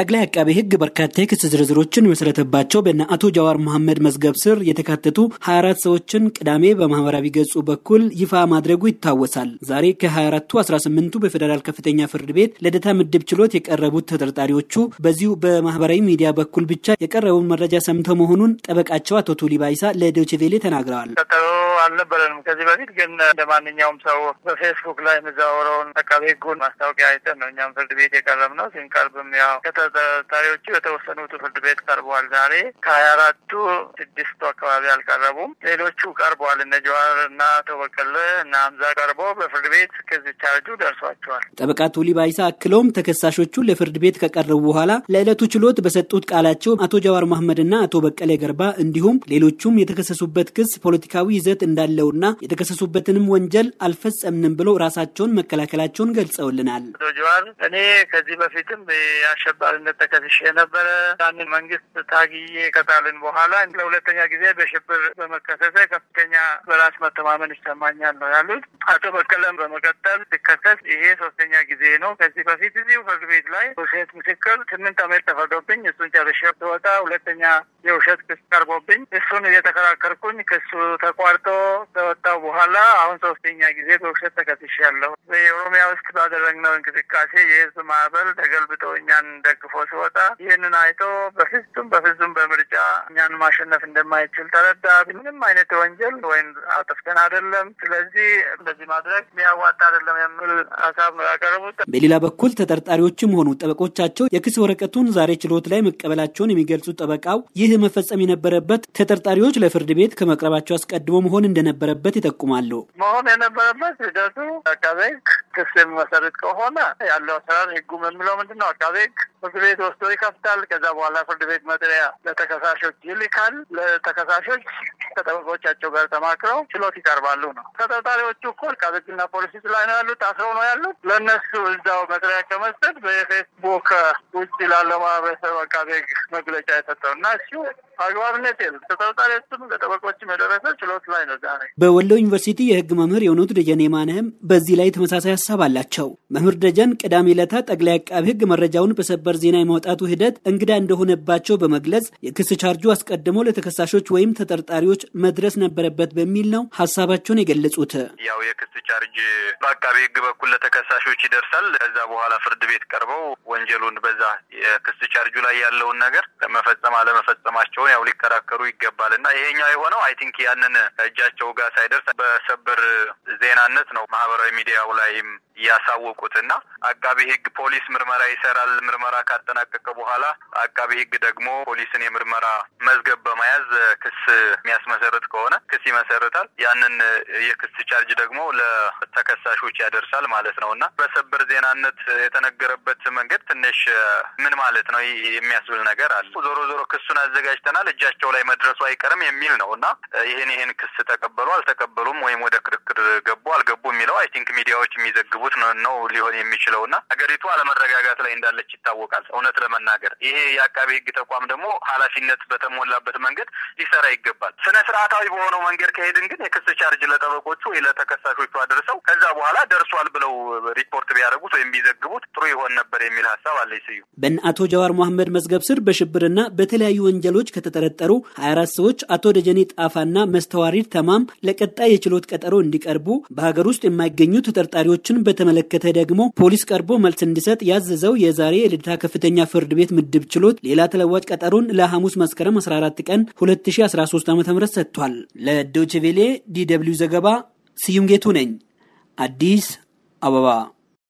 ጠቅላይ አቃቤ ሕግ በርካታ የክስ ዝርዝሮችን የመሰረተባቸው በነ አቶ ጃዋር መሐመድ መዝገብ ስር የተካተቱ 24 ሰዎችን ቅዳሜ በማህበራዊ ገጹ በኩል ይፋ ማድረጉ ይታወሳል። ዛሬ ከ24ቱ 18ቱ በፌዴራል ከፍተኛ ፍርድ ቤት ልደታ ምድብ ችሎት የቀረቡት ተጠርጣሪዎቹ በዚሁ በማህበራዊ ሚዲያ በኩል ብቻ የቀረበውን መረጃ ሰምተው መሆኑን ጠበቃቸው አቶ ቱሊ ባይሳ ለዶችቬሌ ተናግረዋል። አልነበረንም ከዚህ በፊት ግን እንደ ማንኛውም ሰው በፌስቡክ ላይ የምዛወረውን አቃቤ ሕጉን ማስታወቂያ አይተን ነው እኛም ፍርድ ቤት የቀረብ ነው። ሲንቀርብም ያው ከተጠርጣሪዎቹ የተወሰኑት ፍርድ ቤት ቀርበዋል። ዛሬ ከሀያ አራቱ ስድስቱ አካባቢ አልቀረቡም። ሌሎቹ ቀርበዋል። እነ ጀዋር እና አቶ በቀለ እና ሀምዛ ቀርቦ በፍርድ ቤት ክስ ቻርጁ ደርሷቸዋል። ጠበቃ ቱሊ ባይሳ አክለውም ተከሳሾቹ ለፍርድ ቤት ከቀረቡ በኋላ ለዕለቱ ችሎት በሰጡት ቃላቸው አቶ ጀዋር መሐመድ አቶ በቀለ ገርባ እንዲሁም ሌሎቹም የተከሰሱበት ክስ ፖለቲካዊ ይዘት እንዳለውና የተከሰሱበትንም ወንጀል አልፈጸምንም ብለው ራሳቸውን መከላከላቸውን ገልጸውልናል። ጆዋር እኔ ከዚህ በፊትም የአሸባሪነት ተከስሼ ነበረ። ያንን መንግስት ታግዬ ከጣልን በኋላ ለሁለተኛ ጊዜ በሽብር በመከሰሰ ከፍተኛ በራስ መተማመን ይሰማኛል ነው ያሉት። አቶ በቀለም በመቀጠል ሲከሰስ ይሄ ሶስተኛ ጊዜ ነው። ከዚህ በፊት እዚሁ ፍርድ ቤት ላይ ውሸት ምስክር ስምንት ዓመት ተፈርዶብኝ እሱን ጨርሼ ወጣ። ሁለተኛ የውሸት ክስ ቀርቦብኝ እሱን እየተከራከርኩኝ ክሱ ተቋርጦ ከወጣው በኋላ አሁን ሶስተኛ ጊዜ በውሸት ተከስሻለሁ። የኦሮሚያ ውስጥ ባደረግነው እንቅስቃሴ የህዝብ ማዕበል ተገልብጦ እኛን ደግፎ ሲወጣ ይህንን አይቶ በፍጹም በፍጹም በምርጫ እኛን ማሸነፍ እንደማይችል ተረዳ። ምንም አይነት ወንጀል ወይም አጥፍተን አይደለም፣ ስለዚህ እንደዚህ ማድረግ የሚያዋጣ አይደለም የሚል ሀሳብ ነው ያቀረቡት። በሌላ በኩል ተጠርጣሪዎችም ሆኑ ጠበቆቻቸው የክስ ወረቀቱን ዛሬ ችሎት ላይ መቀበላቸውን የሚገልጹ ጠበቃው ይህ መፈጸም የነበረበት ተጠርጣሪዎች ለፍርድ ቤት ከመቅረባቸው አስቀድሞ መሆን መሆን እንደነበረበት ይጠቁማሉ። መሆን የነበረበት ሂደቱ አቃቤ ሕግ ክስ የሚመሰርት ከሆነ ያለው አሰራር ህጉም የሚለው ምንድን ነው? አቃቤ ሕግ ፍርድ ቤት ወስዶ ይከፍታል። ከዛ በኋላ ፍርድ ቤት መጥሪያ ለተከሳሾች ይልካል። ለተከሳሾች ከጠበቆቻቸው ጋር ተማክረው ችሎት ይቀርባሉ ነው። ተጠርጣሪዎቹ እኮ ቃበጅና ፖሊስ ላይ ነው ያሉት፣ አስረው ነው ያሉት። ለእነሱ እዛው መጥሪያ ከመስጠት በፌስቡክ ውጭ ላለው ማህበረሰብ አቃቤ መግለጫ የሰጠው እና እሱ አግባብነት የለም። ተጠርጣሪዎችም ለጠበቆችም የደረሰ ችሎት ላይ ነው ዛሬ። በወሎ ዩኒቨርሲቲ የህግ መምህር የሆኑት ደጀኔ ማነህም በዚህ ላይ ተመሳሳይ ሀሳብ አላቸው። መምህር ደጀን ቅዳሜ ዕለታ ጠቅላይ አቃቤ ህግ መረጃውን በሰበር ዜና የማውጣቱ ሂደት እንግዳ እንደሆነባቸው በመግለጽ የክስ ቻርጁ አስቀድሞ ለተከሳሾች ወይም ተጠርጣሪዎች ተከሳሾች መድረስ ነበረበት በሚል ነው ሀሳባቸውን የገለጹት። ያው የክስ ቻርጅ በአቃቢ ሕግ በኩል ለተከሳሾች ይደርሳል። ከዛ በኋላ ፍርድ ቤት ቀርበው ወንጀሉን በዛ የክስ ቻርጁ ላይ ያለውን ነገር መፈጸም አለመፈጸማቸውን ያው ሊከራከሩ ይገባል እና ይሄኛው የሆነው አይ ቲንክ ያንን እጃቸው ጋር ሳይደርስ በሰበር ዜናነት ነው ማህበራዊ ሚዲያው ላይም ያሳወቁትና አቃቢ ህግ ፖሊስ ምርመራ ይሰራል። ምርመራ ካጠናቀቀ በኋላ አቃቢ ህግ ደግሞ ፖሊስን የምርመራ መዝገብ በመያዝ ክስ የሚያስመሰርት ከሆነ ክስ ይመሰርታል። ያንን የክስ ቻርጅ ደግሞ ለተከሳሾች ያደርሳል ማለት ነው እና በሰበር ዜናነት የተነገረበት መንገድ ትንሽ ምን ማለት ነው የሚያስብል ነገር አለ። ዞሮ ዞሮ ክሱን አዘጋጅተናል እጃቸው ላይ መድረሱ አይቀርም የሚል ነው እና ይህን ይህን ክስ ተቀበሉ አልተቀበሉም ወይም ወደ ክርክር ገቡ አልገቡ የሚለው አይ ቲንክ ሚዲያዎች የሚዘግቡ ሲያስቡት ነው ሊሆን የሚችለው እና ሀገሪቱ አለመረጋጋት ላይ እንዳለች ይታወቃል። እውነት ለመናገር ይሄ የአቃቤ ሕግ ተቋም ደግሞ ኃላፊነት በተሞላበት መንገድ ሊሰራ ይገባል። ስነ ስርዓታዊ በሆነው መንገድ ከሄድን ግን የክስ ቻርጅ ለጠበቆቹ ወይ ለተከሳሾቹ አድርሰው ከዛ በኋላ ደርሷል ብለው ሪፖርት ቢያደርጉት ወይም ቢዘግቡት ጥሩ ይሆን ነበር የሚል ሀሳብ አለ። ስዩ በእነ አቶ ጀዋር መሐመድ መዝገብ ስር በሽብርና በተለያዩ ወንጀሎች ከተጠረጠሩ ሀያ አራት ሰዎች አቶ ደጀኔ ጣፋና መስተዋሪድ ተማም ለቀጣይ የችሎት ቀጠሮ እንዲቀርቡ በሀገር ውስጥ የማይገኙ ተጠርጣሪዎችን በ በተመለከተ ደግሞ ፖሊስ ቀርቦ መልስ እንዲሰጥ ያዘዘው የዛሬ የልደታ ከፍተኛ ፍርድ ቤት ምድብ ችሎት ሌላ ተለዋጭ ቀጠሮን ለሐሙስ መስከረም 14 ቀን 2013 ዓ ም ሰጥቷል። ለዶችቬሌ ዲ ዘገባ ስዩም ጌቱ ነኝ፣ አዲስ አበባ